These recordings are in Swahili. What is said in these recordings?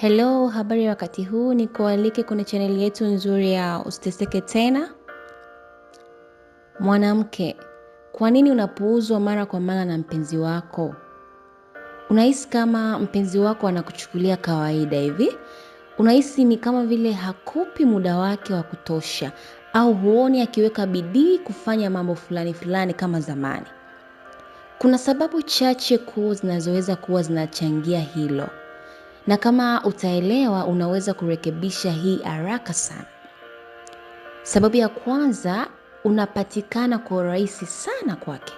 Hello, habari ya wakati huu, nikualike kwenye chaneli yetu nzuri ya Usiteseke Tena. Mwanamke, kwa nini unapuuzwa mara kwa mara na mpenzi wako? Unahisi kama mpenzi wako anakuchukulia kawaida hivi? Unahisi ni kama vile hakupi muda wake wa kutosha, au huoni akiweka bidii kufanya mambo fulani fulani kama zamani? Kuna sababu chache kuu zinazoweza kuwa zinachangia hilo na kama utaelewa unaweza kurekebisha hii haraka sana. Sababu ya kwanza, unapatikana kwa urahisi sana kwake.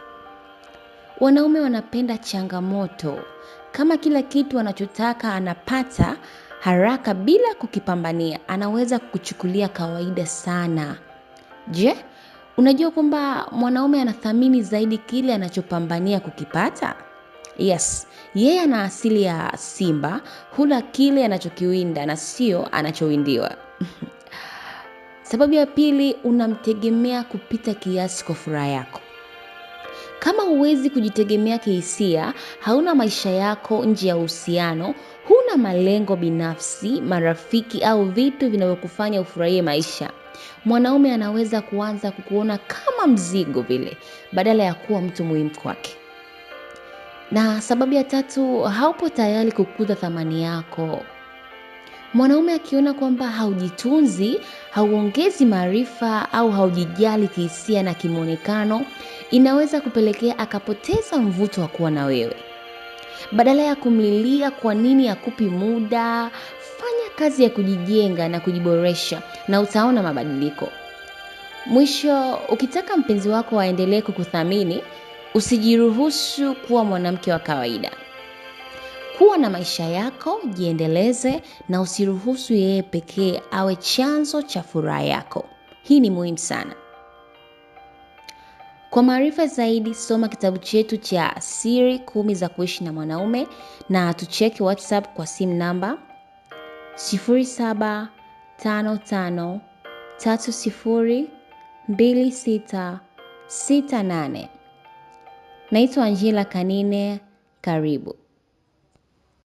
Wanaume wanapenda changamoto. Kama kila kitu anachotaka anapata haraka bila kukipambania, anaweza kukuchukulia kawaida sana. Je, unajua kwamba mwanaume anathamini zaidi kile anachopambania kukipata? Yes, yeye ana asili ya simba, hula kile anachokiwinda na sio anachowindiwa. Sababu ya pili, unamtegemea kupita kiasi kwa furaha yako. Kama huwezi kujitegemea kihisia, hauna maisha yako nje ya uhusiano, huna malengo binafsi, marafiki au vitu vinavyokufanya ufurahie maisha, mwanaume anaweza kuanza kukuona kama mzigo vile, badala ya kuwa mtu muhimu kwake. Na sababu ya tatu, haupo tayari kukuza thamani yako. Mwanaume akiona kwamba haujitunzi, hauongezi maarifa au haujijali kihisia na kimwonekano, inaweza kupelekea akapoteza mvuto wa kuwa na wewe. Badala ya kumlilia kwa nini akupi muda, fanya kazi ya kujijenga na kujiboresha, na utaona mabadiliko. Mwisho, ukitaka mpenzi wako aendelee kukuthamini Usijiruhusu kuwa mwanamke wa kawaida. Kuwa na maisha yako, jiendeleze na usiruhusu yeye pekee awe chanzo cha furaha yako. Hii ni muhimu sana. Kwa maarifa zaidi, soma kitabu chetu cha Siri Kumi za Kuishi na Mwanaume na tucheki WhatsApp kwa simu namba 0755302668. Naitwa Angela Kanine, karibu.